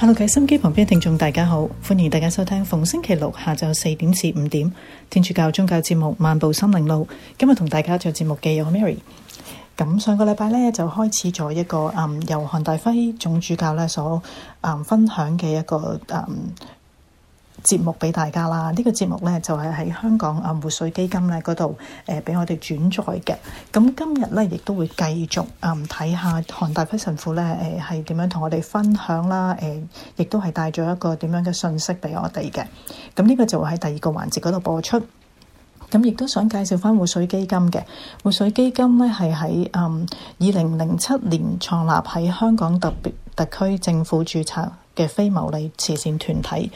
hello，各位心機旁邊嘅聽眾大家好，歡迎大家收聽逢星期六下晝四點至五點天主教宗教節目《漫步心靈路》。今日同大家做節目嘅有 Mary。咁上個禮拜咧就開始咗一個、嗯、由韓大輝總主教咧所、嗯、分享嘅一個、嗯節目俾大家啦，呢、這個節目呢，就係、是、喺香港啊、嗯，活水基金呢嗰度誒俾我哋轉載嘅。咁今日呢，亦都會繼續啊，睇、嗯、下韓大屈神父呢誒係點樣同我哋分享啦誒，亦、呃、都係帶咗一個點樣嘅信息俾我哋嘅。咁、嗯、呢、這個就會喺第二個環節嗰度播出。咁、嗯、亦都想介紹翻活水基金嘅活水基金呢，係喺嗯二零零七年創立喺香港特別特區政府註冊嘅非牟利慈善團體。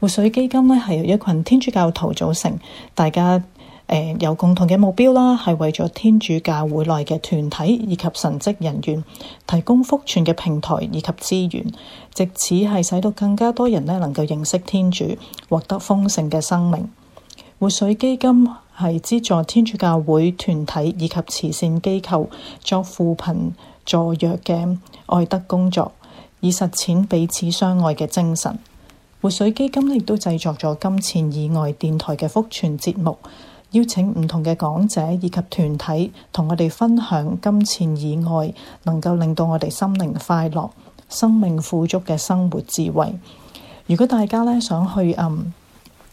活水基金呢，係由一群天主教徒組成，大家誒、呃、有共同嘅目標啦，係為咗天主教會內嘅團體以及神職人員提供福傳嘅平台以及資源，藉此係使到更加多人呢能夠認識天主，獲得豐盛嘅生命。活水基金係資助天主教會團體以及慈善機構作扶貧助弱嘅愛德工作，以實踐彼此相愛嘅精神。活水基金亦都製作咗金錢以外電台嘅福傳節目，邀請唔同嘅講者以及團體同我哋分享金錢以外能夠令到我哋心靈快樂、生命富足嘅生活智慧。如果大家呢想去嗯～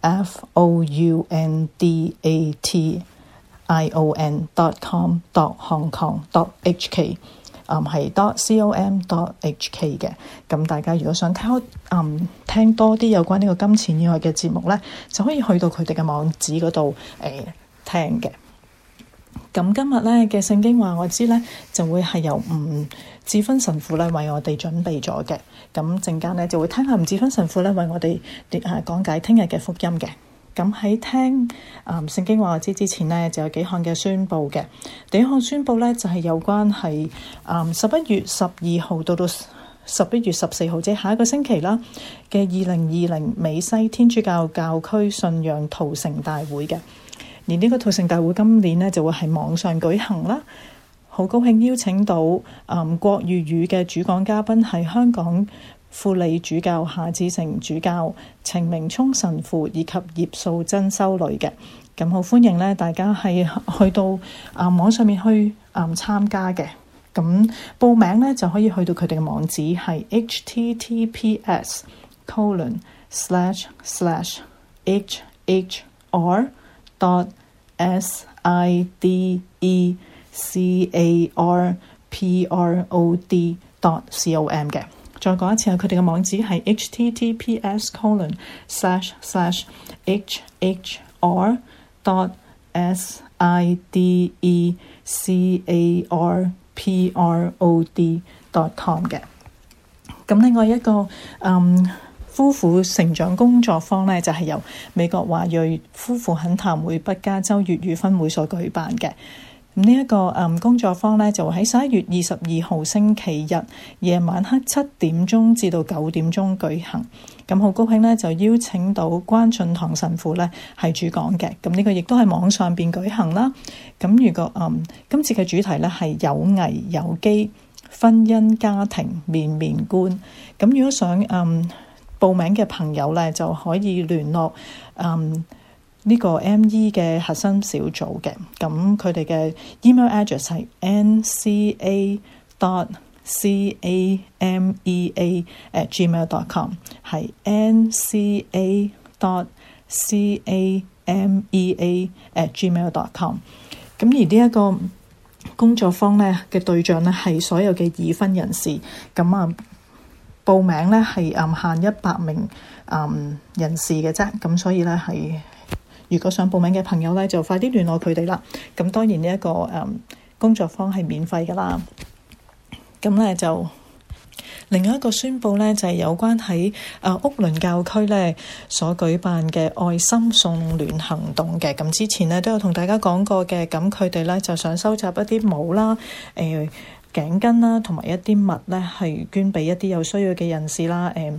f o u n d a t i o n dot com dot Hong Kong dot H K，係 dot c o m dot H K 嘅。咁大家如果想聽多啲有關呢個金錢以外嘅節目呢，就可以去到佢哋嘅網址嗰度誒聽嘅。咁今日呢嘅聖經話，我知呢就會係由唔。智勳神父咧為我哋準備咗嘅，咁陣間呢，就會聽下吳智勳神父咧為我哋誒講解聽日嘅福音嘅。咁喺聽誒、嗯、聖經話知之前呢，就有幾項嘅宣布嘅。第一項宣布咧就係、是、有關係誒十一月十二號到到十一月十四號即係下一個星期啦嘅二零二零美西天主教教區信仰陶成大會嘅。而呢個陶成大會今年呢，就會喺網上舉行啦。好高興邀請到誒、嗯、國粵語嘅主講嘉賓係香港輔理主教夏志成主教、程明聰神父以及葉素珍修女嘅，咁好歡迎咧大家係去到誒、嗯、網上面去誒參加嘅，咁報名呢，就可以去到佢哋嘅網址係 h t t p s c o l o n s l a s h s l a s h h h r d o t s i d e Carpod.com 嘅再講一次，佢哋個網址係 https.colon/hhor.side-carpod.com 嘅。咁另外一個夫婦成長工作坊呢，就係由美國華裔夫婦懇談會北加州粵語分會所舉辦嘅。呢一個誒工作坊咧，就喺十一月二十二號星期日夜晚黑七點鐘至到九點鐘舉行。咁好高興咧，就邀請到關進堂神父咧係主講嘅。咁呢個亦都係網上邊舉行啦。咁如果誒今次嘅主題咧係有危有機婚姻家庭面面觀，咁如果想誒報名嘅朋友咧，就可以聯絡誒。呢個 ME 嘅核心小組嘅，咁佢哋嘅 email address 係 nca.camea@gmail.com，係 nca.camea@gmail.com。咁而呢一個工作方坊咧嘅對象咧係所有嘅已婚人士，咁啊報名咧係嗯限一百名嗯人士嘅啫，咁所以咧係。如果想報名嘅朋友咧，就快啲聯絡佢哋啦。咁當然呢、這、一個誒、嗯、工作坊係免費㗎啦。咁咧就另外一個宣佈咧，就係、是、有關喺誒、呃、屋倫教區咧所舉辦嘅愛心送暖行動嘅。咁之前咧都有同大家講過嘅。咁佢哋咧就想收集一啲帽啦，誒、呃。頸巾啦，同埋一啲物咧，係捐俾一啲有需要嘅人士啦，誒，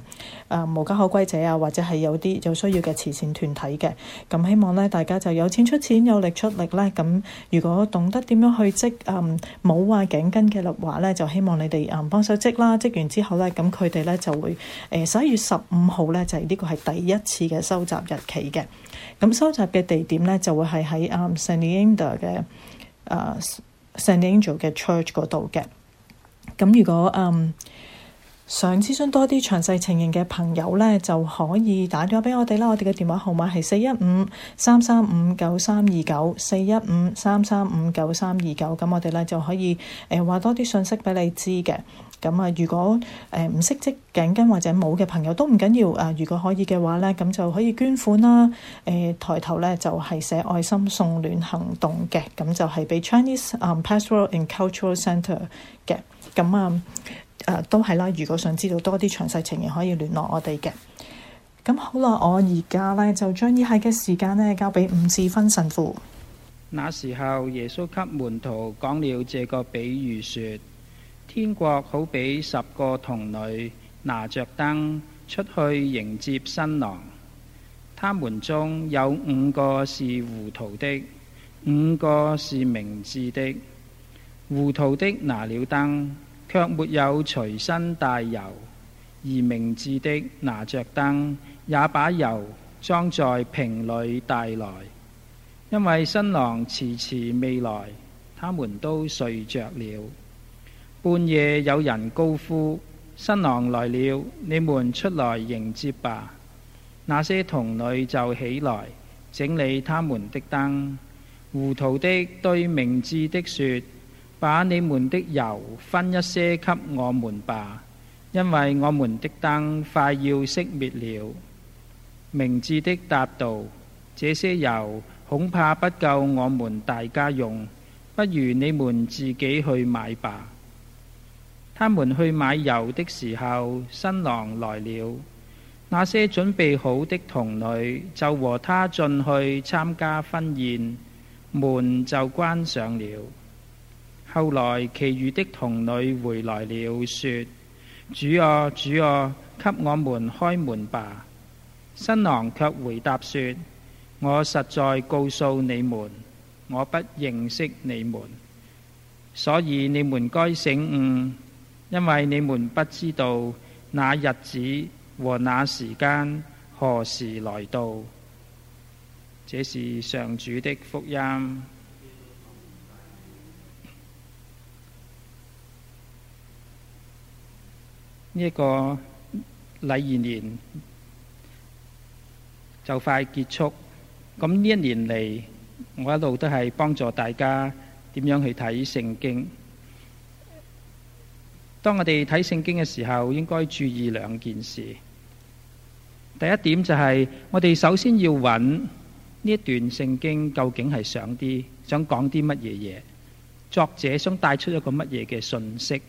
啊，無家可歸者啊，或者係有啲有需要嘅慈善團體嘅，咁希望咧，大家就有錢出錢，有力出力咧，咁如果懂得點樣去織，啊、嗯，冇話頸巾嘅話咧，就希望你哋啊幫手織啦，織完之後咧，咁佢哋咧就會誒十一月十五號咧就係、是、呢個係第一次嘅收集日期嘅，咁收集嘅地點咧就會係喺啊 Sandyender 嘅啊。嗯 St. Andrew 嘅 church 嗰度嘅，咁如果嗯想諮詢多啲詳細情形嘅朋友咧，就可以打電話俾我哋啦。我哋嘅電話號碼係四一五三三五九三二九四一五三三五九三二九。咁我哋咧就可以誒話、呃、多啲信息俾你知嘅。咁啊、嗯，如果誒唔、呃、識織頸巾或者冇嘅朋友都唔緊要啊！如果可以嘅話咧，咁就可以捐款啦。誒、呃，抬頭咧就係、是、寫愛心送暖行動嘅，咁就係俾 Chinese、嗯、Pastoral and Cultural Centre 嘅。咁啊，誒、呃、都係啦。如果想知道多啲詳細情形，可以聯絡我哋嘅。咁好啦，我而家咧就將以下嘅時間咧交俾伍志芬神父。那時候，耶穌給門徒講了這個比喻，說。天國好比十個童女拿着燈出去迎接新郎，他們中有五個是糊塗的，五個是明智的。糊塗的拿了燈，卻沒有隨身帶油；而明智的拿着燈，也把油裝在瓶裏帶來。因為新郎遲遲未來，他們都睡着了。半夜有人高呼：新郎來了，你們出來迎接吧。那些童女就起來整理他們的燈。糊塗的對明智的說，「把你們的油分一些給我們吧，因為我們的燈快要熄滅了。」明智的答道：這些油恐怕不夠我們大家用，不如你們自己去買吧。他們去買油的時候，新郎來了。那些準備好的童女就和他進去參加婚宴，門就關上了。後來其餘的童女回來了說，說：主啊，主啊，給我們開門吧！新郎卻回答說：我實在告訴你們，我不認識你們，所以你們該醒悟。因為你們不知道那日子和那時間何時來到，這是上主的福音。呢個禮儀年就快結束，咁呢一年嚟，我一路都係幫助大家點樣去睇聖經。當我哋睇聖經嘅時候，應該注意兩件事。第一點就係我哋首先要揾呢一段聖經究竟係想啲想講啲乜嘢嘢，作者想帶出一個乜嘢嘅信息。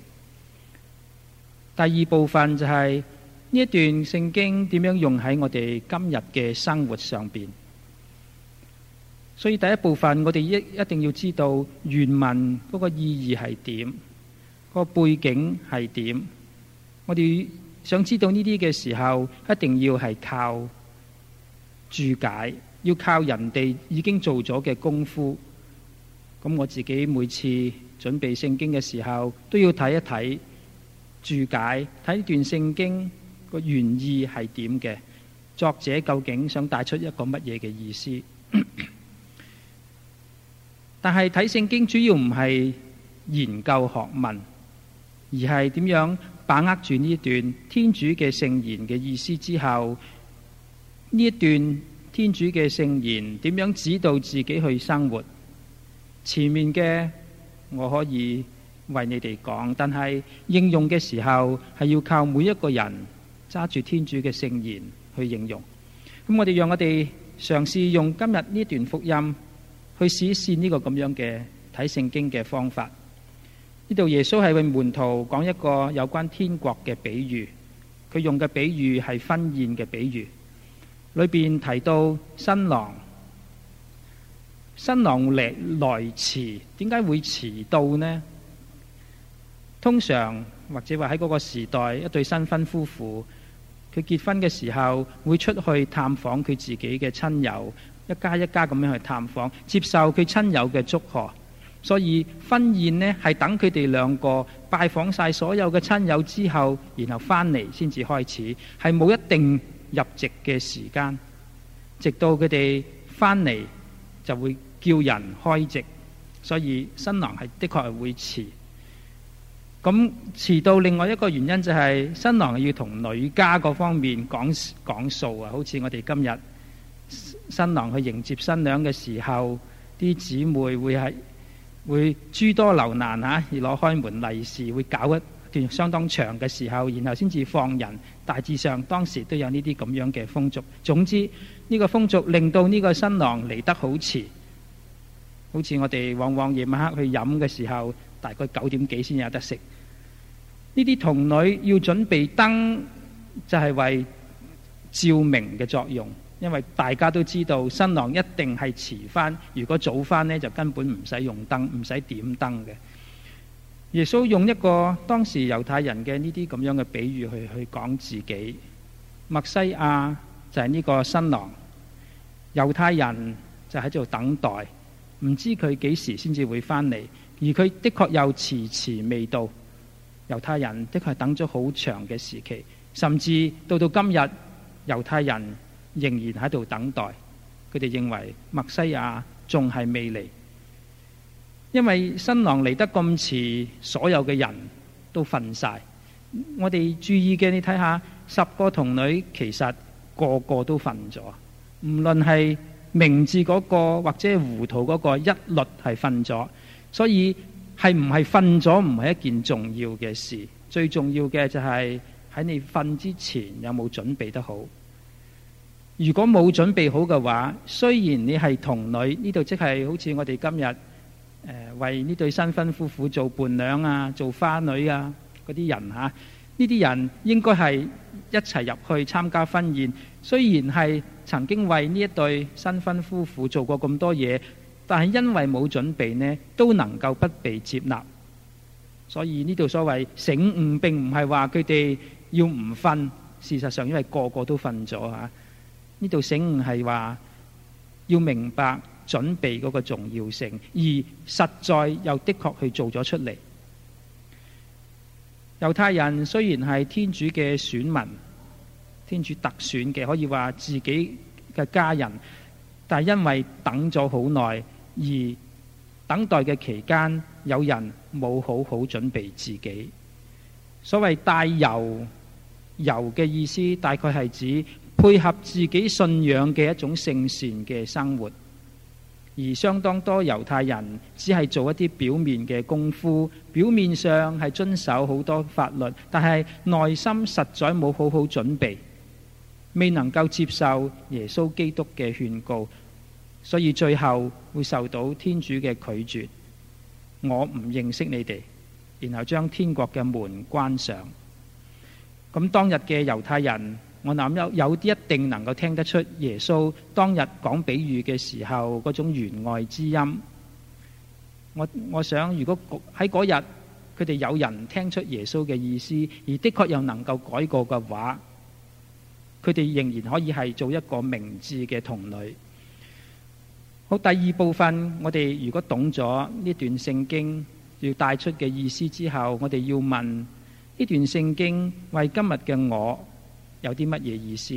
第二部分就係呢一段聖經點樣用喺我哋今日嘅生活上邊。所以第一部分我哋一一定要知道原文嗰個意義係點。個背景係點？我哋想知道呢啲嘅時候，一定要係靠注解，要靠人哋已經做咗嘅功夫。咁我自己每次準備聖經嘅時候，都要睇一睇注解，睇段聖經個原意係點嘅，作者究竟想帶出一個乜嘢嘅意思？ 但係睇聖經主要唔係研究學問。而係點樣把握住呢一段天主嘅聖言嘅意思之後，呢一段天主嘅聖言點樣指導自己去生活？前面嘅我可以為你哋講，但係應用嘅時候係要靠每一個人揸住天主嘅聖言去應用。咁我哋讓我哋嘗試用今日呢段福音去試一試呢個咁樣嘅睇聖經嘅方法。呢度耶穌係為門徒講一個有關天國嘅比喻，佢用嘅比喻係婚宴嘅比喻，裏邊提到新郎，新郎嚟來，來遲，點解會遲到呢？通常或者話喺嗰個時代，一對新婚夫婦佢結婚嘅時候，會出去探訪佢自己嘅親友，一家一家咁樣去探訪，接受佢親友嘅祝賀。所以婚宴呢，係等佢哋兩個拜訪晒所有嘅親友之後，然後翻嚟先至開始，係冇一定入席嘅時間，直到佢哋翻嚟就會叫人開席。所以新郎係的確係會遲。咁遲到，另外一個原因就係、是、新郎要同女家嗰方面講講數啊。好似我哋今日新郎去迎接新娘嘅時候，啲姊妹會係。會諸多留難嚇，而、啊、攞開門利是會搞一段相當長嘅時候，然後先至放人。大致上當時都有呢啲咁樣嘅風俗。總之呢、呢個風俗令到呢個新郎嚟得好遲，好似我哋往往夜晚黑去飲嘅時候，大概九點幾先有得食。呢啲童女要準備燈，就係、是、為照明嘅作用。因為大家都知道，新郎一定係遲返。如果早返呢，就根本唔使用，用燈，唔使點燈嘅。耶穌用一個當時猶太人嘅呢啲咁樣嘅比喻去去講自己，墨西亞就係呢個新郎，猶太人就喺度等待，唔知佢幾時先至會返嚟。而佢的確又遲遲未到，猶太人的確係等咗好長嘅時期，甚至到到今日，猶太人，仍然喺度等待，佢哋認為墨西亞仲係未嚟，因為新郎嚟得咁遲，所有嘅人都瞓晒。我哋注意嘅，你睇下，十個童女其實個個都瞓咗，唔論係明智嗰個或者糊塗嗰個，一律係瞓咗。所以係唔係瞓咗唔係一件重要嘅事，最重要嘅就係喺你瞓之前有冇準備得好。如果冇準備好嘅話，雖然你係童女，呢度即係好似我哋今日誒、呃、為呢對新婚夫婦做伴娘啊、做花女啊嗰啲人嚇、啊，呢啲人應該係一齊入去參加婚宴。雖然係曾經為呢對新婚夫婦做過咁多嘢，但係因為冇準備呢，都能夠不被接納。所以呢度所謂醒悟並唔係話佢哋要唔瞓，事實上因為個個都瞓咗嚇。啊呢度醒悟係話要明白準備嗰個重要性，而實在又的確去做咗出嚟。猶太人雖然係天主嘅選民，天主特選嘅，可以話自己嘅家人，但係因為等咗好耐，而等待嘅期間，有人冇好好準備自己。所謂帶油，油嘅意思大概係指。配合自己信仰嘅一種聖善嘅生活，而相當多猶太人只係做一啲表面嘅功夫，表面上係遵守好多法律，但係內心實在冇好好準備，未能夠接受耶穌基督嘅勸告，所以最後會受到天主嘅拒絕。我唔認識你哋，然後將天國嘅門關上。咁當日嘅猶太人。我諗有有啲一定能夠聽得出耶穌當日講比喻嘅時候嗰種弦外之音。我我想如果喺嗰日佢哋有人聽出耶穌嘅意思，而的確又能夠改過嘅話，佢哋仍然可以係做一個明智嘅童女。好，第二部分我哋如果懂咗呢段聖經要帶出嘅意思之後，我哋要問呢段聖經為今日嘅我，有啲乜嘢意思？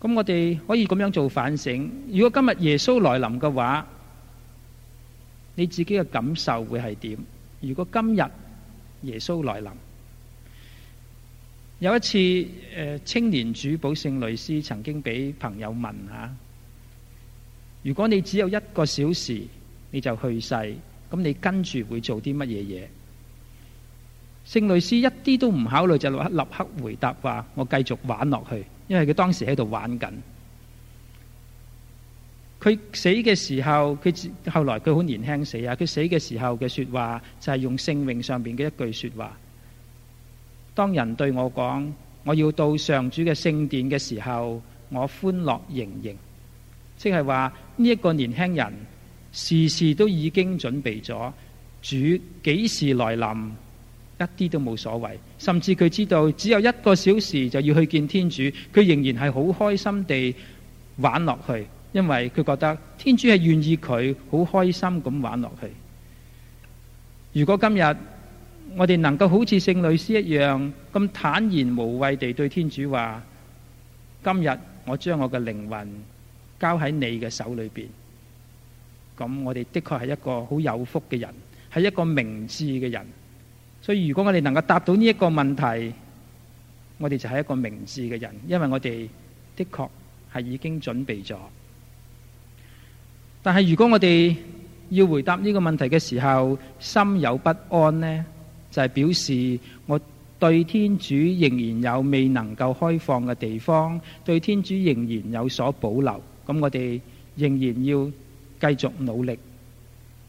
咁我哋可以咁樣做反省。如果今日耶穌來臨嘅話，你自己嘅感受會係點？如果今日耶穌來臨，有一次、呃、青年主保聖類斯曾經俾朋友問吓、啊：如果你只有一個小時，你就去世，咁你跟住會做啲乜嘢嘢？聖類斯一啲都唔考慮，就立刻回答話：我繼續玩落去，因為佢當時喺度玩緊。佢死嘅時候，佢後來佢好年輕死啊。佢死嘅時候嘅說話就係、是、用聖詠上邊嘅一句說話：當人對我講，我要到上主嘅聖殿嘅時候，我歡樂盈盈。即係話呢一個年輕人，時時都已經準備咗。主幾時來臨？一啲都冇所謂，甚至佢知道只有一個小時就要去見天主，佢仍然係好開心地玩落去，因為佢覺得天主係願意佢好開心咁玩落去。如果今日我哋能夠好似聖類斯一樣咁坦然無畏地對天主話：今日我將我嘅靈魂交喺你嘅手裏邊，咁我哋的確係一個好有福嘅人，係一個明智嘅人。所以如果我哋能夠答到呢一個問題，我哋就係一個明智嘅人，因為我哋的確係已經準備咗。但係如果我哋要回答呢個問題嘅時候，心有不安呢，就係表示我對天主仍然有未能夠開放嘅地方，對天主仍然有所保留。咁我哋仍然要繼續努力，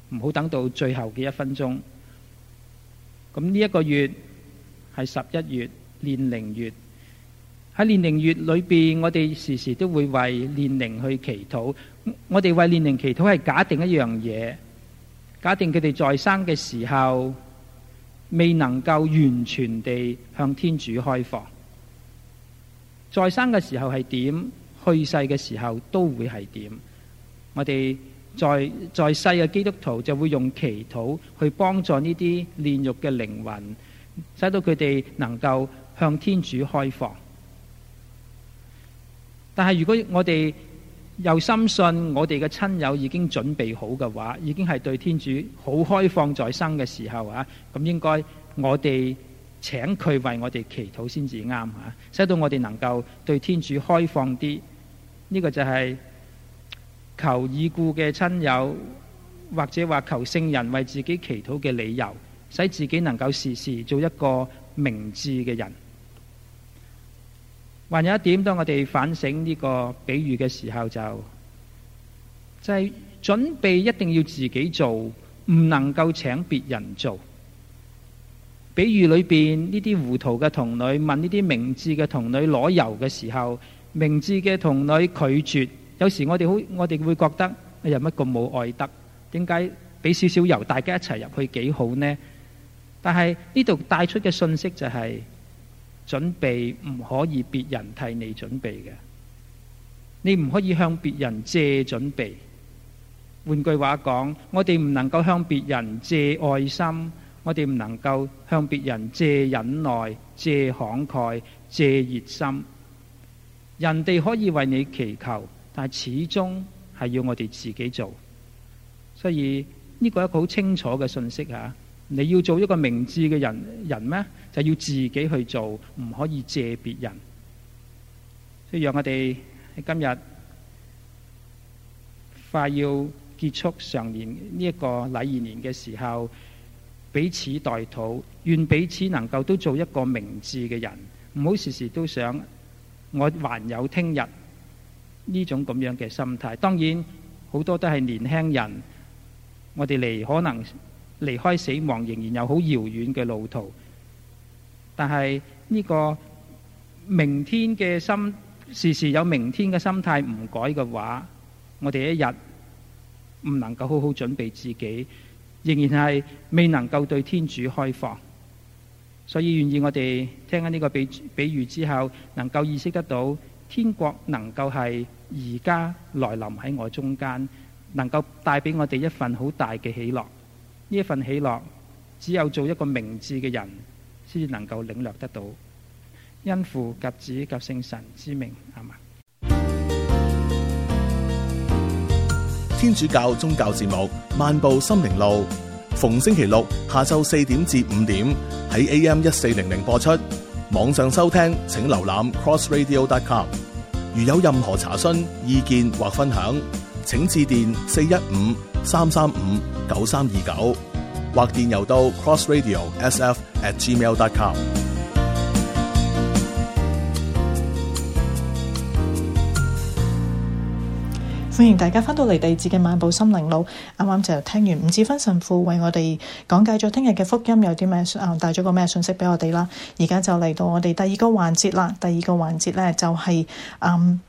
唔好等到最後嘅一分鐘。咁呢一個月係十一月，煉靈月。喺煉靈月裏邊，我哋時時都會為煉靈去祈禱。我哋為煉靈祈禱係假定一樣嘢，假定佢哋在生嘅時候未能夠完全地向天主開放，在生嘅時候係點，去世嘅時候都會係點。我哋。在在世嘅基督徒就會用祈禱去幫助呢啲煉獄嘅靈魂，使到佢哋能夠向天主開放。但係如果我哋又深信我哋嘅親友已經準備好嘅話，已經係對天主好開放在生嘅時候啊，咁應該我哋請佢為我哋祈禱先至啱啊，使到我哋能夠對天主開放啲。呢個就係。求已故嘅親友，或者話求聖人為自己祈禱嘅理由，使自己能夠時時做一個明智嘅人。還有一點，當我哋反省呢個比喻嘅時候就，就係準備一定要自己做，唔能夠請別人做。比喻裏邊呢啲糊塗嘅童女問呢啲明智嘅童女攞油嘅時候，明智嘅童女拒絕。有時我哋好，我哋會覺得又乜咁冇愛德，點解俾少少油，大家一齊入去幾好呢？但係呢度帶出嘅信息就係準備唔可以別人替你準備嘅，你唔可以向別人借準備。換句話講，我哋唔能夠向別人借愛心，我哋唔能夠向別人借忍耐、借慷慨、借熱心。人哋可以為你祈求。但始終係要我哋自己做，所以呢個係一個好清楚嘅信息吓、啊，你要做一個明智嘅人人呢？就要自己去做，唔可以借別人。所以讓我哋今日快要結束上年呢一個禮二年嘅時候，彼此代禱，願彼此能夠都做一個明智嘅人，唔好時時都想我還有聽日。呢種咁樣嘅心態，當然好多都係年輕人。我哋離可能離開死亡，仍然有好遙遠嘅路途。但係呢個明天嘅心，事事有明天嘅心態唔改嘅話，我哋一日唔能夠好好準備自己，仍然係未能夠對天主開放。所以，願意我哋聽緊呢個比比喻之後，能夠意識得到天國能夠係。而家來臨喺我中間，能夠帶俾我哋一份好大嘅喜樂。呢一份喜樂，只有做一個明智嘅人，先至能夠領略得到。因父及子及聖神之名，阿們。天主教宗教節目《漫步心靈路》，逢星期六下晝四點至五點喺 AM 一四零零播出。網上收聽，請瀏覽 crossradio.com。如有任何查詢、意見或分享，請致電四一五三三五九三二九，29，或電郵到 crossradio_sf@gmail.com。歡迎大家返到嚟地址嘅漫步心靈路，啱啱就聽完吳志芬神父為我哋講解咗聽日嘅福音有啲咩啊，帶咗個咩信息畀我哋啦。而家就嚟到我哋第二個環節啦，第二個環節咧就係嗯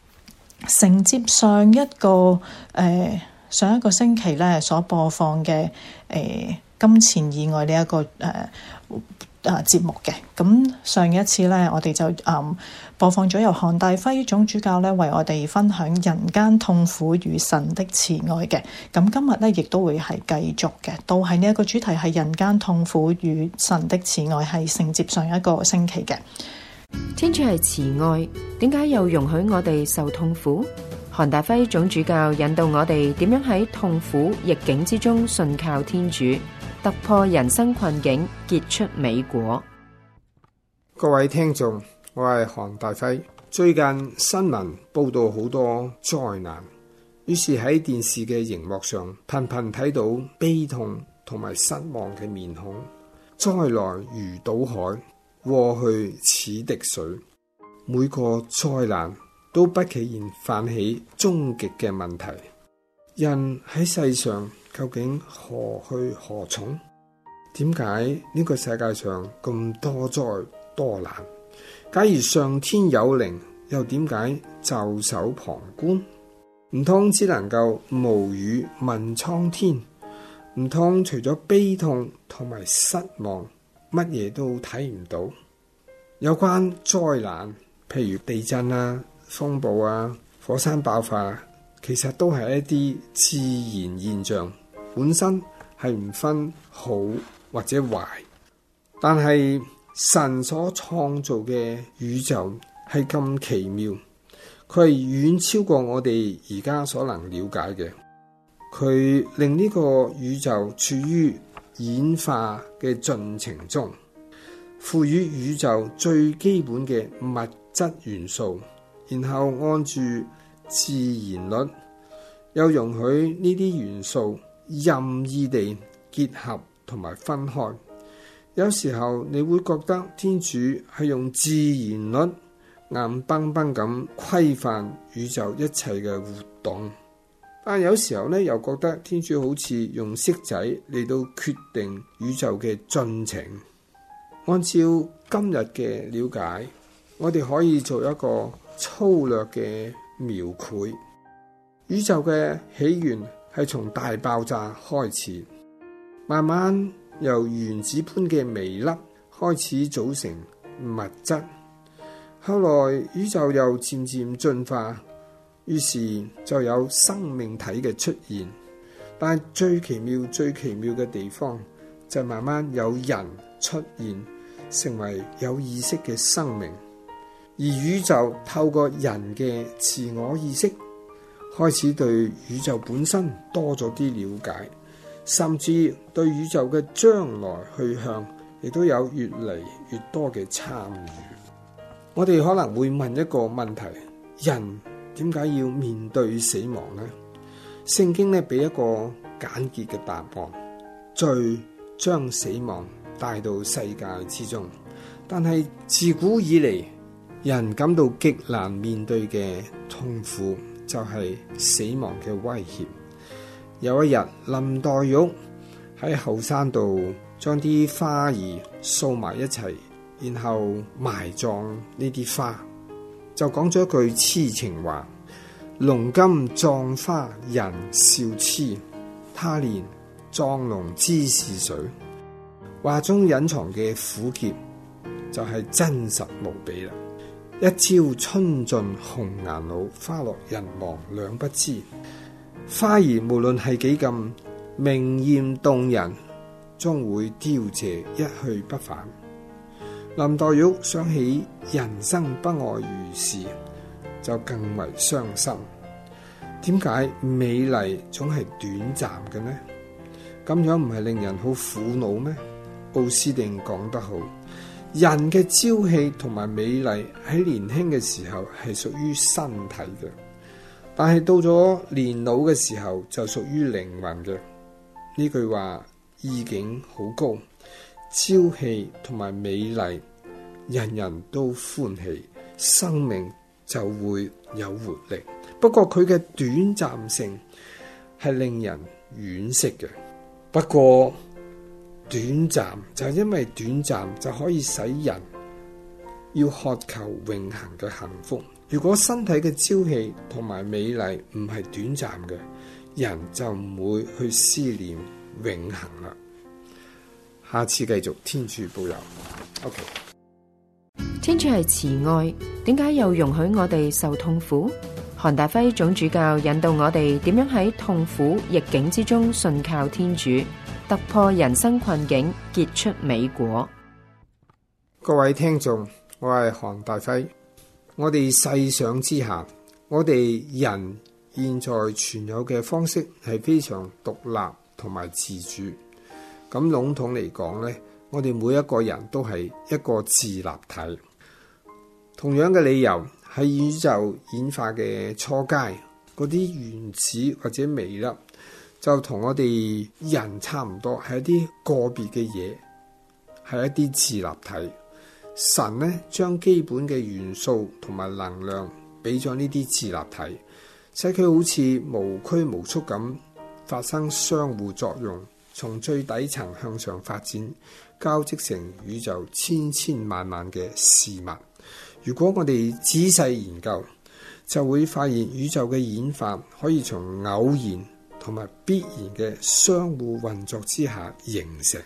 承接上一個誒、呃、上一個星期咧所播放嘅誒、呃、金錢以外呢一個誒。呃啊！節目嘅咁上一次呢，我哋就誒、嗯、播放咗由韓大輝總主教呢為我哋分享人間痛苦與神的慈愛嘅。咁今日呢，亦都會係繼續嘅，都係呢一個主題係人間痛苦與神的慈愛，係承接上一個星期嘅。天主係慈愛，點解又容許我哋受痛苦？韓大輝總主教引導我哋點樣喺痛苦逆境之中信靠天主。突破人生困境，結出美果。各位聽眾，我係韓大輝。最近新聞報道好多災難，於是喺電視嘅熒幕上頻頻睇到悲痛同埋失望嘅面孔。災難如倒海，禍去似滴水。每個災難都不期然泛起終極嘅問題。人喺世上。究竟何去何從？點解呢個世界上咁多災多難？假如上天有靈，又點解袖手旁觀？唔通只能夠無語問蒼天？唔通除咗悲痛同埋失望，乜嘢都睇唔到？有關災難，譬如地震啊、風暴啊、火山爆發，其實都係一啲自然現象。本身係唔分好或者壞，但係神所創造嘅宇宙係咁奇妙，佢係遠超過我哋而家所能了解嘅。佢令呢個宇宙處於演化嘅進程中，賦予宇宙最基本嘅物質元素，然後按住自然律，又容許呢啲元素。任意地結合同埋分開，有時候你會覺得天主係用自然律硬崩崩咁規範宇宙一切嘅活動，但有時候咧又覺得天主好似用色仔嚟到決定宇宙嘅進程。按照今日嘅了解，我哋可以做一個粗略嘅描繪，宇宙嘅起源。係從大爆炸開始，慢慢由原子般嘅微粒開始組成物質，後來宇宙又漸漸進化，於是就有生命體嘅出現。但最奇妙、最奇妙嘅地方就慢慢有人出現，成為有意識嘅生命，而宇宙透過人嘅自我意識，開始對宇宙本身多咗啲了解，甚至對宇宙嘅將來去向，亦都有越嚟越多嘅參與。我哋可能會問一個問題：人點解要面對死亡呢？聖經呢俾一個簡潔嘅答案：罪將死亡帶到世界之中，但係自古以嚟，人感到極難面對嘅痛苦。就係死亡嘅威脅。有一日，林黛玉喺後山度將啲花兒掃埋一齊，然後埋葬呢啲花，就講咗句癡情話：儂今葬花人笑癡，他年葬儂知是誰？話中隱藏嘅苦澀，就係真實無比啦。一朝春盡紅顏老，花落人亡兩不知。花兒無論係幾咁明艷動人，終會凋謝一去不返。林黛玉想起人生不外如是，就更為傷心。點解美麗總係短暫嘅呢？咁樣唔係令人好苦惱咩？奧斯定講得好。人嘅朝氣同埋美麗喺年輕嘅時候係屬於身體嘅，但係到咗年老嘅時候就屬於靈魂嘅。呢句話意境好高，朝氣同埋美麗，人人都歡喜，生命就會有活力。不過佢嘅短暫性係令人惋惜嘅。不過。短暫就係、是、因為短暫就可以使人要渴求永恒嘅幸福。如果身體嘅朝氣同埋美麗唔係短暫嘅，人就唔會去思念永恒啦。下次繼續，天主保佑。O、okay. K，天主係慈愛，點解又容許我哋受痛苦？韓大輝總主教引導我哋點樣喺痛苦逆境之中信靠天主。突破人生困境，結出美果。各位聽眾，我係韓大輝。我哋細想之下，我哋人現在存有嘅方式係非常獨立同埋自主。咁籠統嚟講呢，我哋每一個人都係一個自立體。同樣嘅理由，喺宇宙演化嘅初階，嗰啲原始或者微粒。就同我哋人差唔多，係一啲個別嘅嘢，係一啲自立體。神咧，將基本嘅元素同埋能量俾咗呢啲自立體，使佢好似無拘無束咁發生相互作用，從最底層向上發展，交織成宇宙千千萬萬嘅事物。如果我哋仔細研究，就會發現宇宙嘅演化可以從偶然，同埋必然嘅相互運作之下形成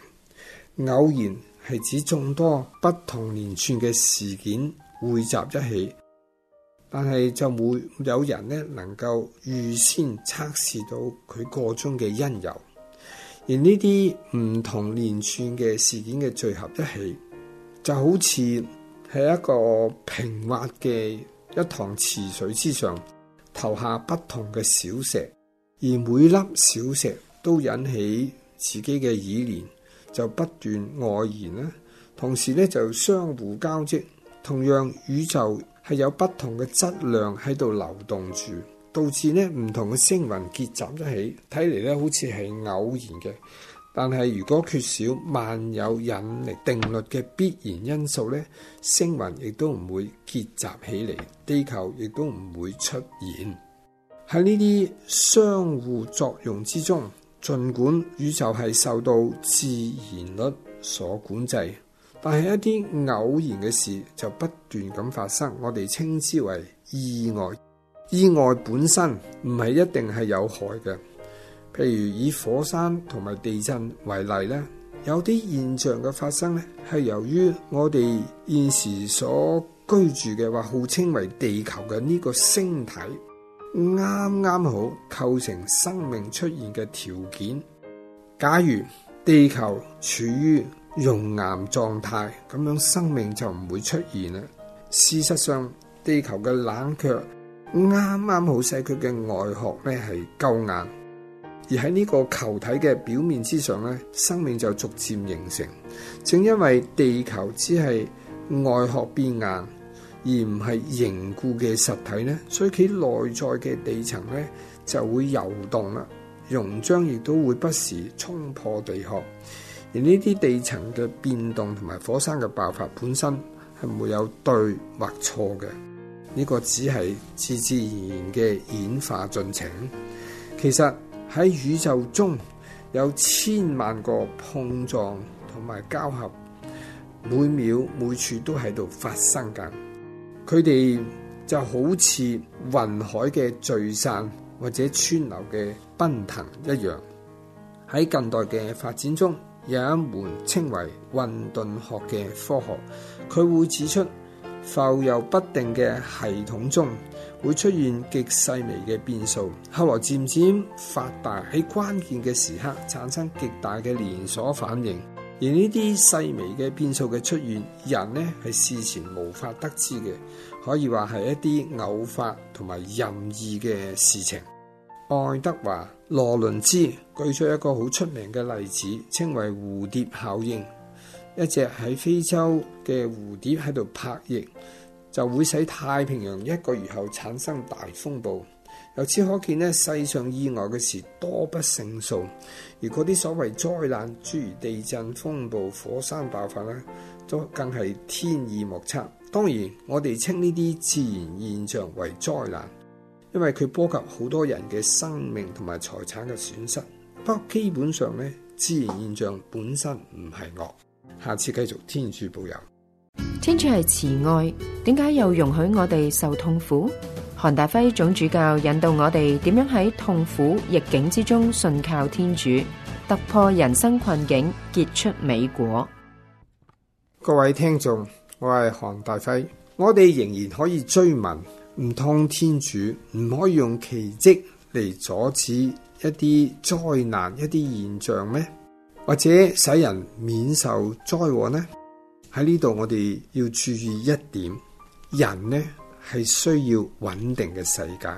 偶然，係指眾多不同連串嘅事件匯集一起，但係就冇有人咧能夠預先測試到佢個中嘅因由。而呢啲唔同連串嘅事件嘅聚合一起，就好似喺一個平滑嘅一塘池水之上投下不同嘅小石。而每粒小石都引起自己嘅漪漣，就不斷外延啦。同時咧就相互交織，同樣宇宙係有不同嘅質量喺度流動住，導致呢唔同嘅星雲結集一起。睇嚟咧好似係偶然嘅，但係如果缺少萬有引力定律嘅必然因素咧，星雲亦都唔會結集起嚟，地球亦都唔會出現。喺呢啲相互作用之中，儘管宇宙係受到自然律所管制，但係一啲偶然嘅事就不斷咁發生。我哋稱之為意外。意外本身唔係一定係有害嘅。譬如以火山同埋地震為例咧，有啲現象嘅發生咧，係由於我哋現時所居住嘅或號稱為地球嘅呢個星體。啱啱好構成生命出現嘅條件。假如地球處於熔岩狀態，咁樣生命就唔會出現啦。事實上，地球嘅冷卻啱啱好，使佢嘅外殼呢係夠硬，而喺呢個球體嘅表面之上呢，生命就逐漸形成。正因為地球只係外殼變硬，而唔係凝固嘅實體呢，所以其內在嘅地層呢就會遊動啦，溶漿亦都會不時衝破地殼。而呢啲地層嘅變動同埋火山嘅爆發本身係沒有對或錯嘅，呢個只係自自然然嘅演化進程。其實喺宇宙中有千萬個碰撞同埋交合，每秒每處都喺度發生緊。佢哋就好似雲海嘅聚散或者川流嘅奔騰一樣。喺近代嘅發展中，有一門稱為混沌學嘅科學，佢會指出浮游不定嘅系統中會出現極細微嘅變數，後來漸漸發達，喺關鍵嘅時刻產生極大嘅連鎖反應。而呢啲細微嘅變數嘅出現，人呢係事前無法得知嘅，可以話係一啲偶發同埋任意嘅事情。愛德華羅倫茲舉出一個好出名嘅例子，稱為蝴蝶效應。一隻喺非洲嘅蝴蝶喺度拍翼，就會使太平洋一個月後產生大風暴。由此可見咧，世上意外嘅事多不勝數，而嗰啲所謂災難，諸如地震、風暴、火山爆發呢，都更係天意莫測。當然，我哋稱呢啲自然現象為災難，因為佢波及好多人嘅生命同埋財產嘅損失。不過基本上呢，自然現象本身唔係惡。下次繼續，天主保佑。天主係慈愛，點解又容許我哋受痛苦？韓大輝總主教引導我哋點樣喺痛苦逆境之中信靠天主，突破人生困境，結出美果。各位聽眾，我係韓大輝。我哋仍然可以追問：唔通天主唔可以用奇蹟嚟阻止一啲災難、一啲現象咩？或者使人免受災禍呢？喺呢度，我哋要注意一點：人呢？係需要穩定嘅世界，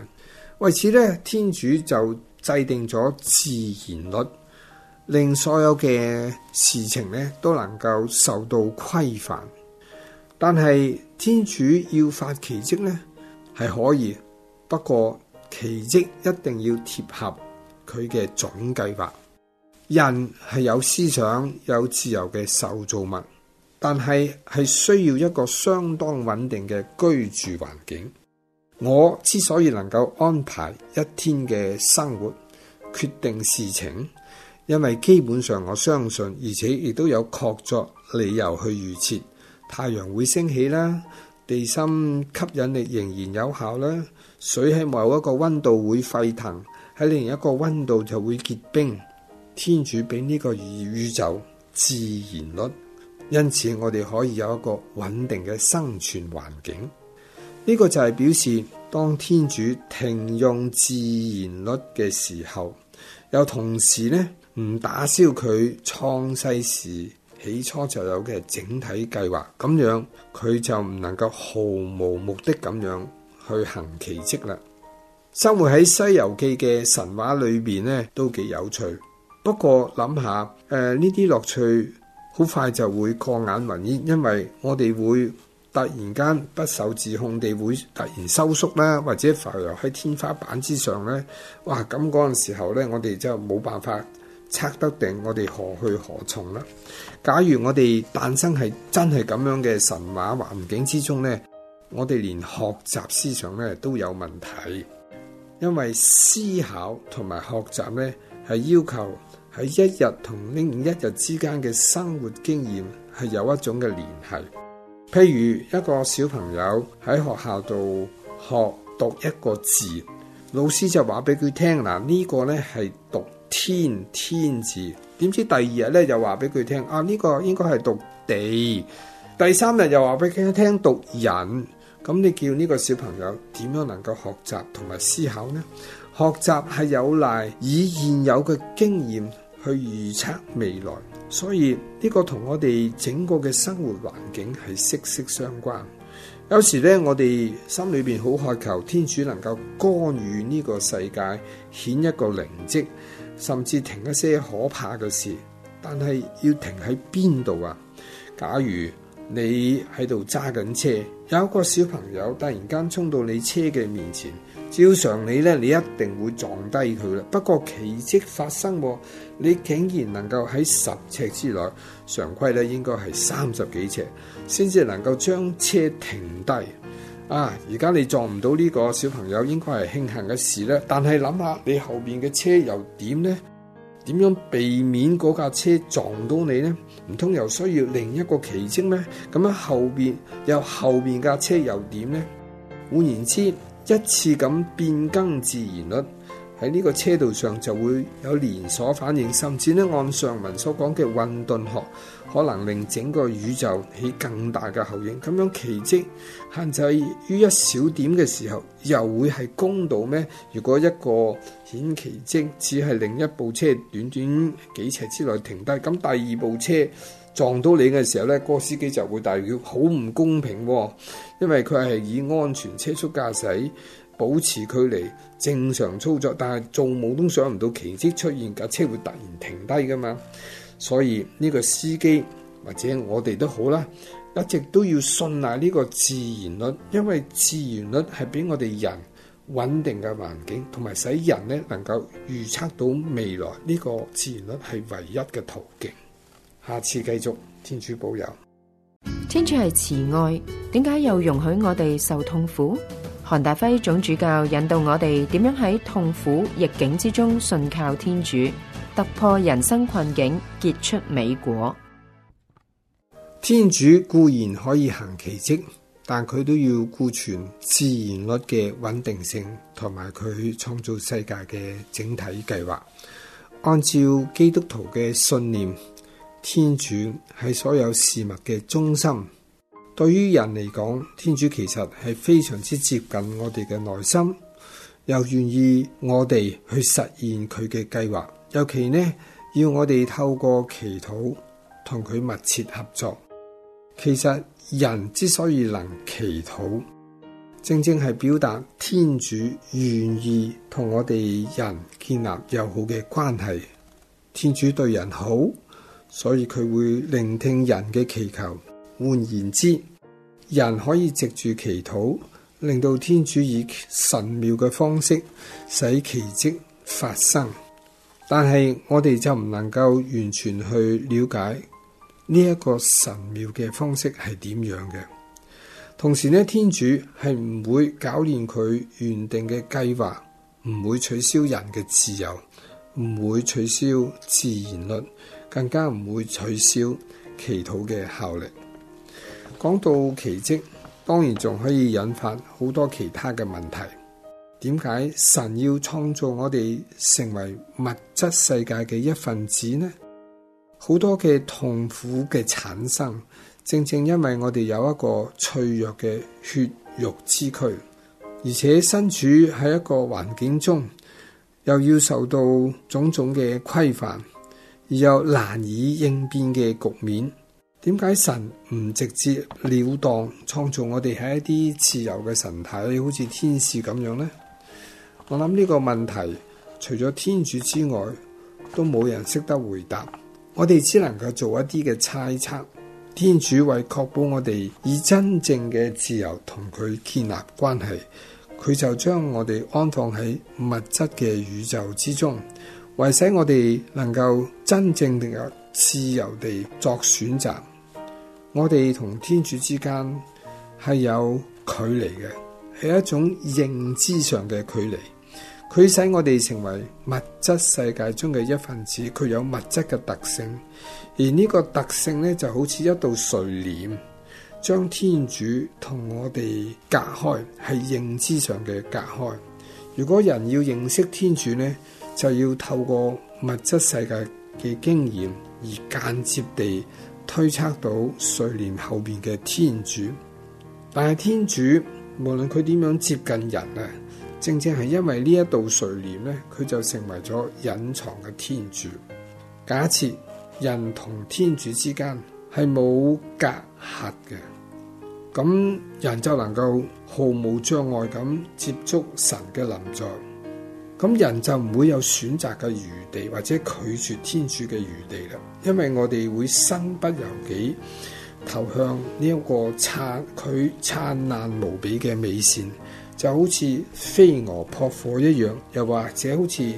為此咧，天主就制定咗自然律，令所有嘅事情咧都能夠受到規範。但係天主要發奇蹟呢係可以，不過奇蹟一定要貼合佢嘅總計劃。人係有思想、有自由嘅受造物。但係係需要一個相當穩定嘅居住環境。我之所以能夠安排一天嘅生活，決定事情，因為基本上我相信，而且亦都有確鑿理由去預設太陽會升起啦，地心吸引力仍然有效啦，水喺某一個溫度會沸騰，喺另一個溫度就會結冰。天主俾呢個宇宙自然律。因此，我哋可以有一個穩定嘅生存環境。呢個就係表示，當天主停用自然律嘅時候，又同時呢唔打消佢創世時起初就有嘅整體計劃，咁樣佢就唔能夠毫無目的咁樣去行奇蹟啦。生活喺《西遊記》嘅神話裏邊呢，都幾有趣。不過諗下，誒，呢啲樂趣。好快就會過眼雲煙，因為我哋會突然間不受自控地會突然收縮啦，或者浮游喺天花板之上咧。哇！咁嗰陣時候咧，我哋就冇辦法測得定我哋何去何從啦。假如我哋誕生係真係咁樣嘅神話環境之中咧，我哋連學習思想咧都有問題，因為思考同埋學習咧係要求，喺一日同另一日之間嘅生活經驗係有一種嘅聯繫。譬如一個小朋友喺學校度學讀一個字，老師就話俾佢聽嗱，呢個呢係讀天，天字。點知第二日呢，又話俾佢聽啊，呢個應該係讀地。第三日又話俾佢聽讀人。咁你叫呢個小朋友點樣能夠學習同埋思考呢？學習係有賴以現有嘅經驗去預測未來，所以呢個同我哋整個嘅生活環境係息息相關。有時呢，我哋心裏邊好渴求天主能夠干預呢個世界，顯一個靈跡，甚至停一些可怕嘅事。但係要停喺邊度啊？假如你喺度揸緊車，有一個小朋友突然間衝到你車嘅面前。照常理咧，你一定會撞低佢啦。不過奇蹟發生喎，你竟然能夠喺十尺之內，常規咧應該係三十幾尺，先至能夠將車停低。啊！而家你撞唔到呢個小朋友，應該係慶幸嘅事咧。但係諗下，你後邊嘅車又點呢？點樣避免嗰架車撞到你呢？唔通又需要另一個奇蹟咩？咁樣後邊又後邊架車又點呢？換言之，一次咁變更自然率喺呢個車道上，就會有連鎖反應，甚至呢，按上文所講嘅混沌學，可能令整個宇宙起更大嘅效應。咁樣奇蹟限制於一小點嘅時候，又會係公道咩？如果一個顯奇蹟只係另一部車短短幾尺之內停低，咁第二部車撞到你嘅時候呢嗰、呢個司機就會大叫：好唔公平喎！因為佢係以安全車速駕駛，保持距離，正常操作。但係做夢都想唔到，奇蹟出現架車會突然停低㗎嘛。所以呢、呢個司機或者我哋都好啦，一直都要信賴呢個自然律，因為自然律係俾我哋人穩定嘅環境，同埋使人呢能夠預測到未來。呢、呢個自然律係唯一嘅途徑。下次繼續，天主保佑。天主係慈愛，點解又容許我哋受痛苦？韓大輝總主教引導我哋點樣喺痛苦逆境之中信靠天主，突破人生困境，結出美果。天主固然可以行奇蹟，但佢都要顧全自然律嘅穩定性，同埋佢創造世界嘅整體計劃。按照基督徒嘅信念。天主係所有事物嘅中心，對於人嚟講，天主其實係非常之接近我哋嘅內心，又願意我哋去實現佢嘅計劃。尤其呢，要我哋透過祈禱同佢密切合作。其實人之所以能祈禱，正正係表達天主願意同我哋人建立友好嘅關係。天主對人好。所以佢會聆聽人嘅祈求。換言之，人可以藉住祈禱，令到天主以神妙嘅方式使奇蹟發生。但係我哋就唔能夠完全去了解呢一個神妙嘅方式係點樣嘅。同時呢，天主係唔會搞亂佢原定嘅計劃，唔會取消人嘅自由，唔會取消自然律。更加唔會取消祈禱嘅效力。講到奇蹟，當然仲可以引發好多其他嘅問題。點解神要創造我哋成為物質世界嘅一份子呢？好多嘅痛苦嘅產生，正正因為我哋有一個脆弱嘅血肉之軀，而且身處喺一個環境中，又要受到種種嘅規範。而又難以應變嘅局面，點解神唔直接了當創造我哋喺一啲自由嘅神體，好似天使咁樣呢？我諗呢個問題，除咗天主之外，都冇人識得回答。我哋只能夠做一啲嘅猜測。天主為確保我哋以真正嘅自由同佢建立關係，佢就將我哋安放喺物質嘅宇宙之中。為使我哋能夠真正地有自由地作選擇，我哋同天主之間係有距離嘅，係一種認知上嘅距離。佢使我哋成為物質世界中嘅一份子，佢有物質嘅特性。而呢個特性咧，就好似一道垂簾，將天主同我哋隔開，係認知上嘅隔開。如果人要認識天主咧，就要透過物質世界嘅經驗而間接地推測到垂簾後邊嘅天主，但係天主無論佢點樣接近人啊，正正係因為呢一道垂簾咧，佢就成為咗隱藏嘅天主。假設人同天主之間係冇隔閡嘅，咁人就能夠毫無障礙咁接觸神嘅臨在。咁人就唔會有選擇嘅餘地，或者拒絕天主嘅餘地啦，因為我哋會身不由己投向呢一個燦佢燦爛無比嘅美善，就好似飛蛾撲火一樣，又或者好似誒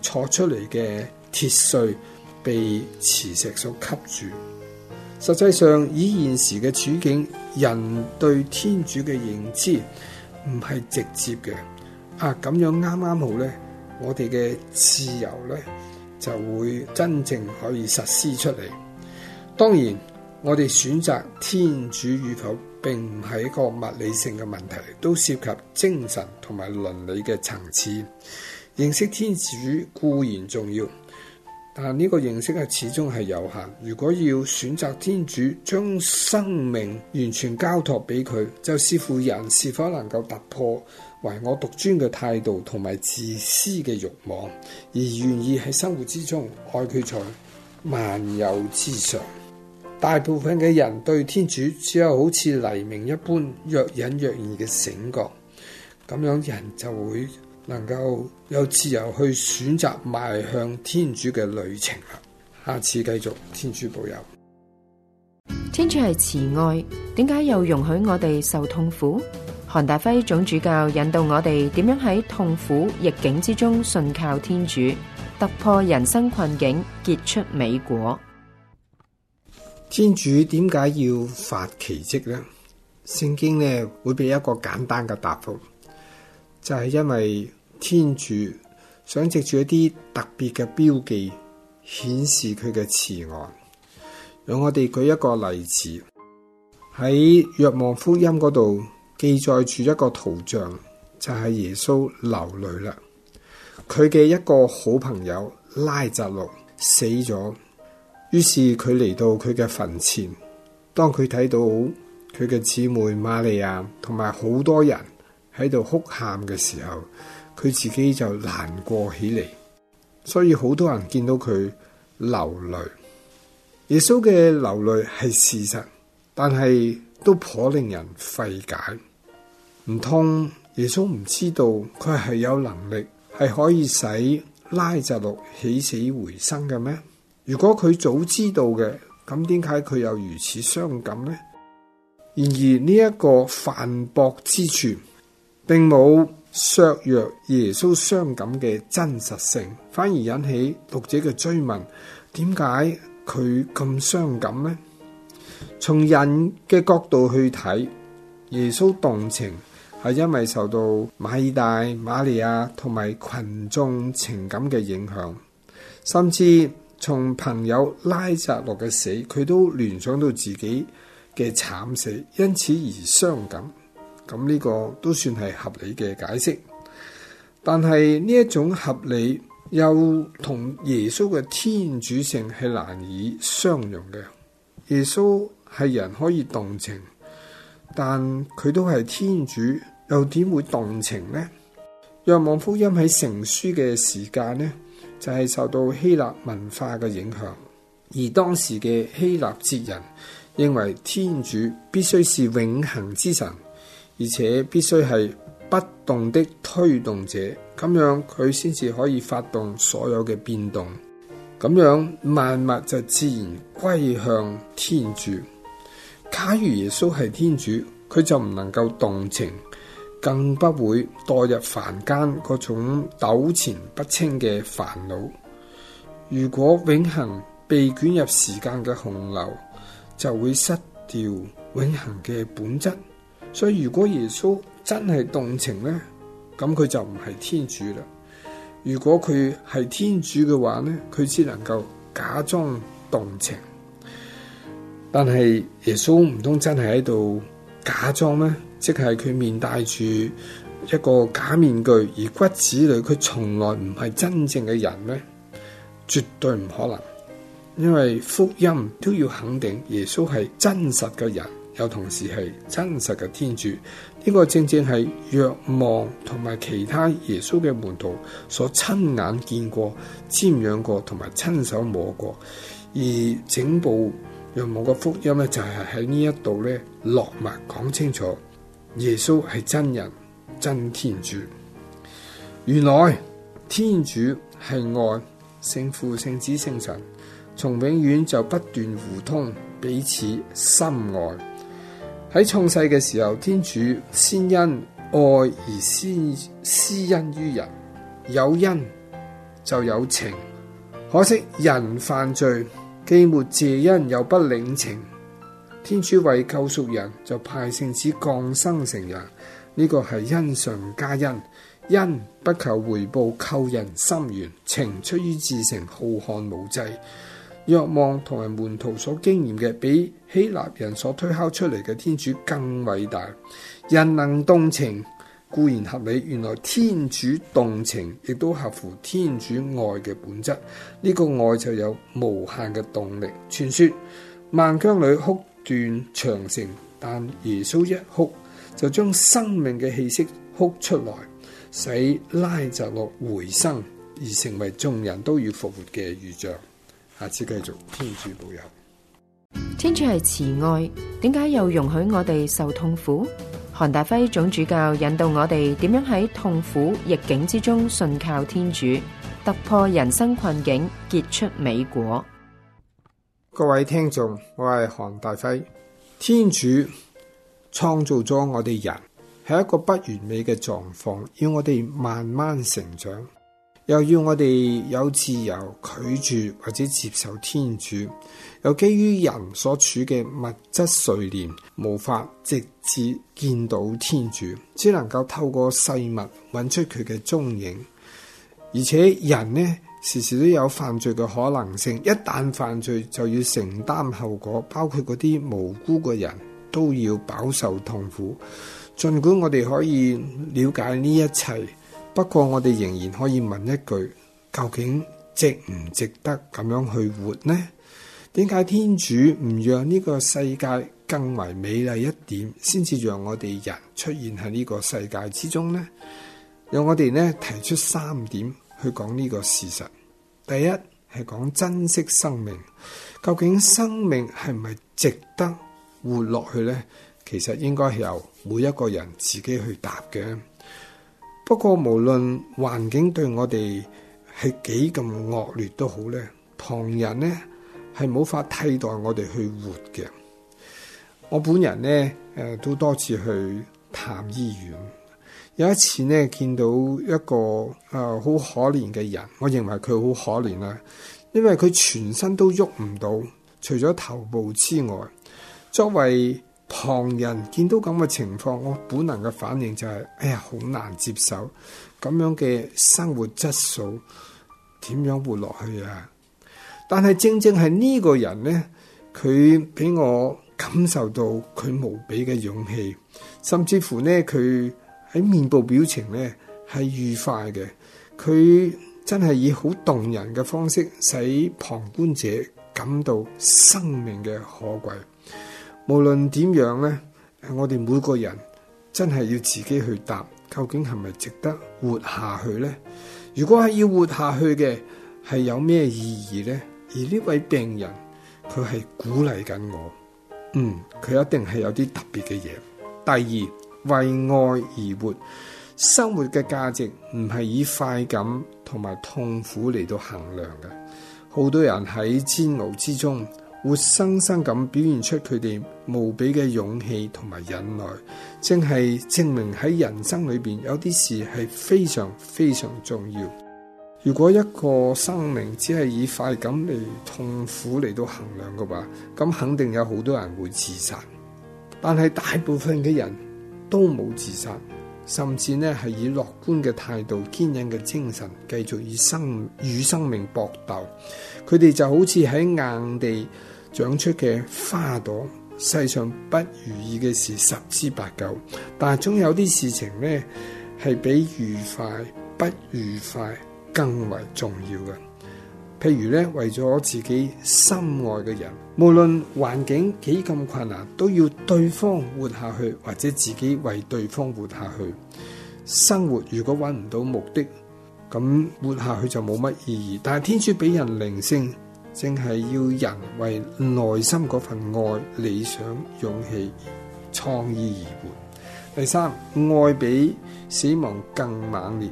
錯出嚟嘅鐵碎被磁石所吸住。實際上，以現時嘅處境，人對天主嘅認知唔係直接嘅。啊，咁樣啱啱好呢，我哋嘅自由呢就會真正可以實施出嚟。當然，我哋選擇天主與否並唔係一個物理性嘅問題，都涉及精神同埋倫理嘅層次。認識天主固然重要。但呢個認識係始終係有限。如果要選擇天主，將生命完全交託俾佢，就視乎人是否能夠突破唯我獨尊嘅態度同埋自私嘅慾望，而願意喺生活之中愛佢在萬有之上。大部分嘅人對天主只有好似黎明一般若隱若現嘅醒覺，咁樣人就會能夠有自由去選擇邁向天主嘅旅程。下次繼續，天主保佑。天主係慈愛，點解又容許我哋受痛苦？韓大輝總主教引導我哋點樣喺痛苦逆境之中信靠天主，突破人生困境，結出美果。天主點解要發奇蹟呢？聖經呢會俾一個簡單嘅答覆就係因為天主想藉住一啲特別嘅標記顯示佢嘅慈愛，讓我哋舉一個例子。喺《若望福音》嗰度記載住一個圖像，就係耶穌流淚啦。佢嘅一個好朋友拉澤路死咗，於是佢嚟到佢嘅墳前，當佢睇到佢嘅姊妹瑪利亞同埋好多人，喺度哭喊嘅時候，佢自己就難過起嚟，所以好多人見到佢流淚。耶穌嘅流淚係事實，但係都頗令人費解。唔通耶穌唔知道佢係有能力係可以使拉撒路起死回生嘅咩？如果佢早知道嘅，咁點解佢又如此傷感呢？然而呢一個反駁之處。並冇削弱耶穌傷感嘅真實性，反而引起讀者嘅追問：點解佢咁傷感呢？從人嘅角度去睇，耶穌動情係因為受到馬爾大、瑪利亞同埋群眾情感嘅影響，甚至從朋友拉扎洛嘅死，佢都聯想到自己嘅慘死，因此而傷感。咁呢個都算係合理嘅解釋，但係呢一種合理又同耶穌嘅天主性係難以相容嘅。耶穌係人可以動情，但佢都係天主，又點會動情呢？若望福音喺成書嘅時間呢，就係受到希臘文化嘅影響，而當時嘅希臘哲人認為天主必須是永恆之神。而且必須係不動的推動者，咁樣佢先至可以發動所有嘅變動。咁樣萬物就自然歸向天主。假如耶穌係天主，佢就唔能夠動情，更不會墮入凡間嗰種糾纏不清嘅煩惱。如果永恆被捲入時間嘅洪流，就會失掉永恆嘅本質。所以如果耶穌真係動情咧，咁佢就唔係天主啦。如果佢係天主嘅話咧，佢只能夠假裝動情。但係耶穌唔通真係喺度假裝咩？即係佢面戴住一個假面具，而骨子裏佢從來唔係真正嘅人咩？絕對唔可能，因為福音都要肯定耶穌係真實嘅人。有同時係真實嘅天主，呢、這個正正係若望同埋其他耶穌嘅門徒所親眼見過、瞻仰過同埋親手摸過。而整部若望嘅福音呢，就係喺呢一度咧落墨講清楚，耶穌係真人、真天主。原來天主係愛，聖父、聖子、聖神，從永遠就不斷互通彼此深愛。喺創世嘅時候，天主先因愛而先施恩於人，有恩就有情。可惜人犯罪，既沒謝恩，又不領情。天主為救贖人，就派聖子降生成人。呢個係恩上加恩，恩不求回報，扣人心弦，情出於至誠，浩瀚無際。若望同埋門徒所經驗嘅，比希臘人所推敲出嚟嘅天主更偉大。人能動情固然合理，原來天主動情亦都合乎天主愛嘅本質。呢、這個愛就有無限嘅動力。傳説孟姜女哭斷長城，但耶穌一哭就將生命嘅氣息哭出來，使拉匝祿回生，而成為眾人都要復活嘅預象。下次繼續，天主保佑。天主係慈愛，點解又容許我哋受痛苦？韓大輝總主教引導我哋點樣喺痛苦逆境之中信靠天主，突破人生困境，結出美果。各位聽眾，我係韓大輝。天主創造咗我哋人，係一個不完美嘅狀況，要我哋慢慢成長。又要我哋有自由拒絕或者接受天主，又基於人所處嘅物質垂簾，無法直接見到天主，只能夠透過細物揾出佢嘅蹤影。而且人呢，時時都有犯罪嘅可能性，一旦犯罪就要承擔後果，包括嗰啲無辜嘅人都要飽受痛苦。盡管我哋可以了解呢一切。不過我哋仍然可以問一句：究竟值唔值得咁樣去活呢？點解天主唔讓呢個世界更為美麗一點，先至讓我哋人出現喺呢個世界之中呢？讓我哋呢提出三點去講呢個事實：第一，係講珍惜生命，究竟生命係唔係值得活落去呢？其實應該係由每一個人自己去答嘅。不過無論環境對我哋係幾咁惡劣都好咧，旁人咧係冇法替代我哋去活嘅。我本人咧誒、呃、都多次去探醫院，有一次咧見到一個誒好、呃、可憐嘅人，我認為佢好可憐啦，因為佢全身都喐唔到，除咗頭部之外，作為旁人見到咁嘅情況，我本能嘅反應就係、是：哎呀，好難接受咁樣嘅生活質素，點樣活落去啊？但係正正係呢個人呢，佢俾我感受到佢無比嘅勇氣，甚至乎呢，佢喺面部表情呢係愉快嘅，佢真係以好動人嘅方式，使旁觀者感到生命嘅可貴。無論點樣咧，我哋每個人真係要自己去答，究竟係咪值得活下去咧？如果係要活下去嘅，係有咩意義咧？而呢位病人，佢係鼓勵緊我，嗯，佢一定係有啲特別嘅嘢。第二，為愛而活，生活嘅價值唔係以快感同埋痛苦嚟到衡量嘅。好多人喺煎熬之中。活生生咁表現出佢哋無比嘅勇氣同埋忍耐，正係證明喺人生裏邊有啲事係非常非常重要。如果一個生命只係以快感嚟痛苦嚟到衡量嘅話，咁肯定有好多人會自殺。但係大部分嘅人都冇自殺，甚至呢係以樂觀嘅態度、堅忍嘅精神，繼續以生與生命搏鬥。佢哋就好似喺硬地長出嘅花朵，世上不如意嘅事十之八九，但係總有啲事情呢係比愉快、不愉快更為重要嘅。譬如呢，為咗自己心愛嘅人，無論環境幾咁困難，都要對方活下去，或者自己為對方活下去。生活如果揾唔到目的，咁活下去就冇乜意義。但係天主俾人靈性。正係要人為內心嗰份愛、理想、勇氣、創意而活。第三，愛比死亡更猛烈。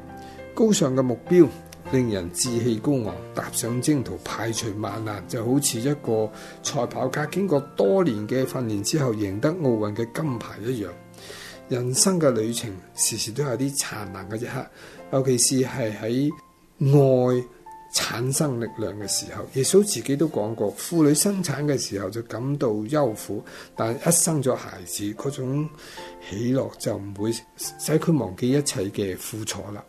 高尚嘅目標令人志氣高昂，踏上征途，排除萬難，就好似一個賽跑家經過多年嘅訓練之後贏得奧運嘅金牌一樣。人生嘅旅程時時都有啲燦爛嘅一刻，尤其是係喺愛產生力量嘅時候，耶穌自己都講過，婦女生產嘅時候就感到憂苦，但一生咗孩子，嗰種喜樂就唔會使佢忘記一切嘅苦楚啦。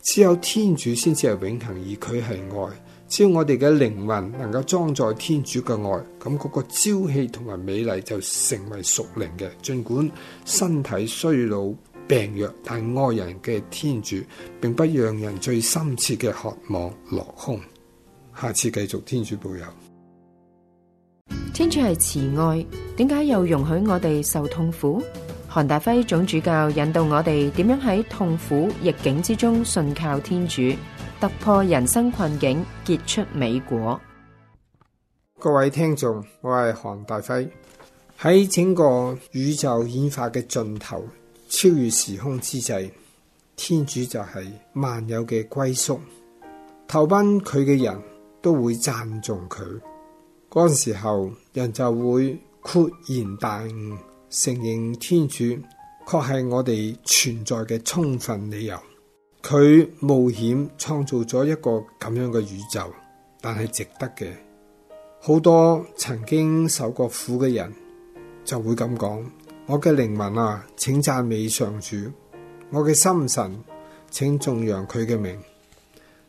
只有天主先至係永恒，而佢係愛。只要我哋嘅靈魂能夠裝載天主嘅愛，咁嗰個朝氣同埋美麗就成為屬靈嘅，盡管身體衰老。病弱，但愛人嘅天主並不讓人最深切嘅渴望落空。下次繼續，天主保佑。天主係慈愛，點解又容許我哋受痛苦？韓大輝總主教引導我哋點樣喺痛苦逆境之中信靠天主，突破人生困境，結出美果。各位聽眾，我係韓大輝，喺整個宇宙演化嘅盡頭，超越時空之際，天主就係萬有嘅歸宿，投奔佢嘅人都會讚頌佢。嗰陣時候，人就會豁然大悟，承認天主確係我哋存在嘅充分理由。佢冒險創造咗一個咁樣嘅宇宙，但係值得嘅。好多曾經受過苦嘅人就會咁講。我嘅靈魂啊，請讚美上主；我嘅心神，請頌揚佢嘅名。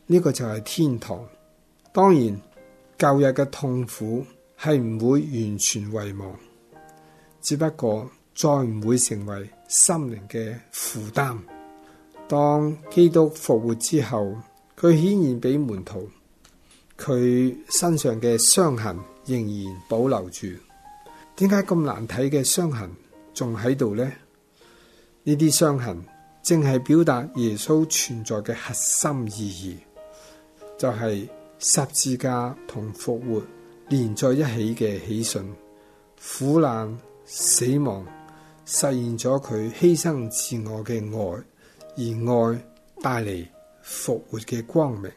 呢、這個就係天堂。當然，舊日嘅痛苦係唔會完全遺忘，只不過再唔會成為心靈嘅負擔。當基督復活之後，佢顯然俾門徒，佢身上嘅傷痕仍然保留住。點解咁難睇嘅傷痕？仲喺度呢，呢啲傷痕正係表達耶穌存在嘅核心意義，就係、是、十字架同復活連在一起嘅喜訊，苦難、死亡實現咗佢犧牲自我嘅愛，而愛帶嚟復活嘅光明。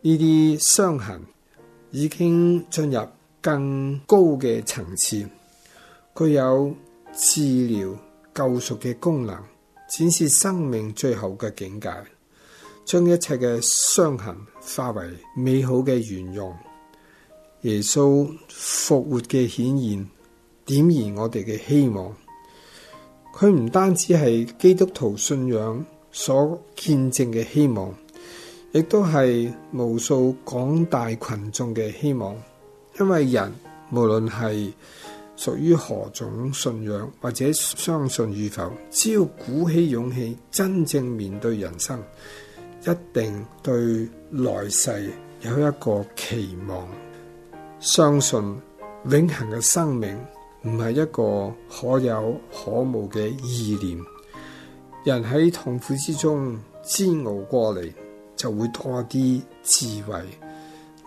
呢啲傷痕已經進入更高嘅層次，佢有。治療救贖嘅功能，展示生命最後嘅境界，將一切嘅傷痕化為美好嘅圓融。耶穌復活嘅顯現，點燃我哋嘅希望。佢唔單止係基督徒信仰所見證嘅希望，亦都係無數廣大群眾嘅希望。因為人無論係。屬於何種信仰或者相信與否？只要鼓起勇氣，真正面對人生，一定對來世有一個期望。相信永恒嘅生命唔係一個可有可無嘅意念。人喺痛苦之中煎熬過嚟，就會多一啲智慧。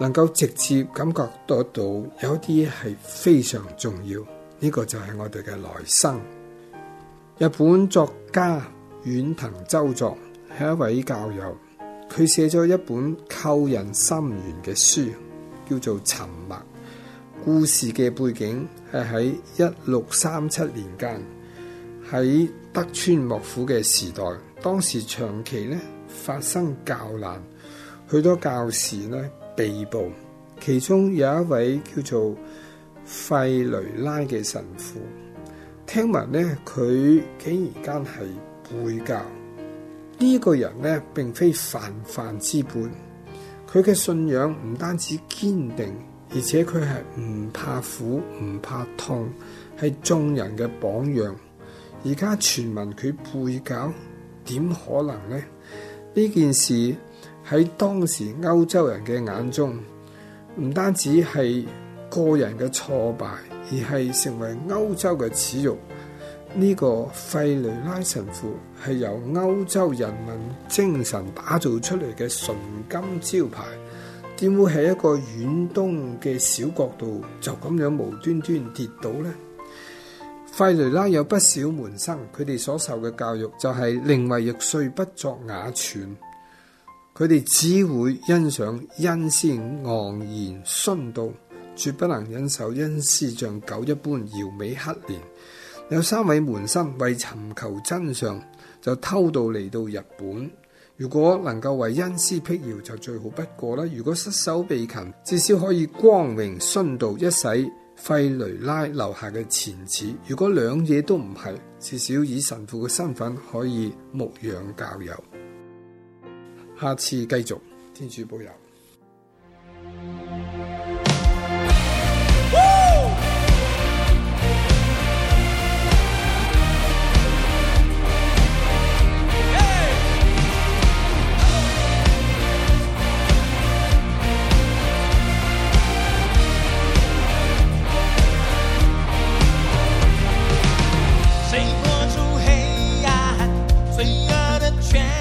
能夠直接感覺得到有啲嘢係非常重要。呢個就係我哋嘅來生。日本作家遠藤周作係一位教友，佢寫咗一本扣人心弦嘅書，叫做《沉默》。故事嘅背景係喺一六三七年間喺德川幕府嘅時代，當時長期咧發生教難，許多教士咧。第二部，其中有一位叫做費雷拉嘅神父，聽聞咧佢竟然間係背教。呢、這個人呢，並非泛泛之輩，佢嘅信仰唔單止堅定，而且佢係唔怕苦唔怕痛，係眾人嘅榜樣。而家傳聞佢背教，點可能呢？呢件事。喺當時歐洲人嘅眼中，唔單止係個人嘅挫敗，而係成為歐洲嘅恥辱。呢個費雷拉神父係由歐洲人民精神打造出嚟嘅純金招牌，點會喺一個遠東嘅小國度就咁樣無端端跌倒呢？費雷拉有不少門生，佢哋所受嘅教育就係寧為玉碎，不作瓦全。佢哋只會欣賞恩師昂然殉道，絕不能忍受恩師像狗一般搖尾乞憐。有三位門生為尋求真相，就偷渡嚟到日本。如果能夠為恩師辟謠就最好不過啦。如果失手被擒，至少可以光榮殉道一洗費雷拉留下嘅前恥，如果兩嘢都唔係，至少以神父嘅身份可以牧養教友。下次繼續，天主保佑。誰破除黑暗罪惡的權？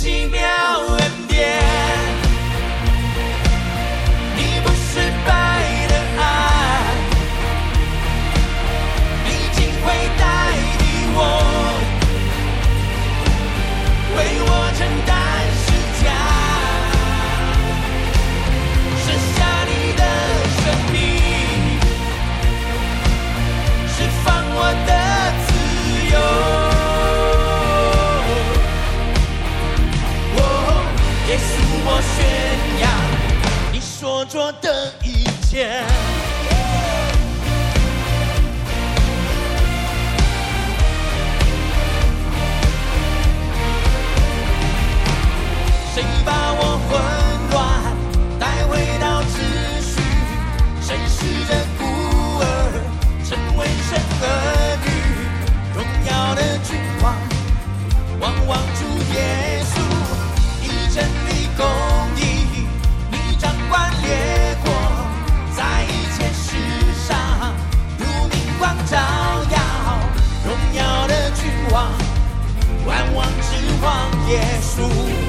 奇妙嘅。我的一切，誰把我混亂帶回到秩序？誰使這孤兒成為神兒女？榮耀的君王，往往主耶穌，以真理。曠野樹。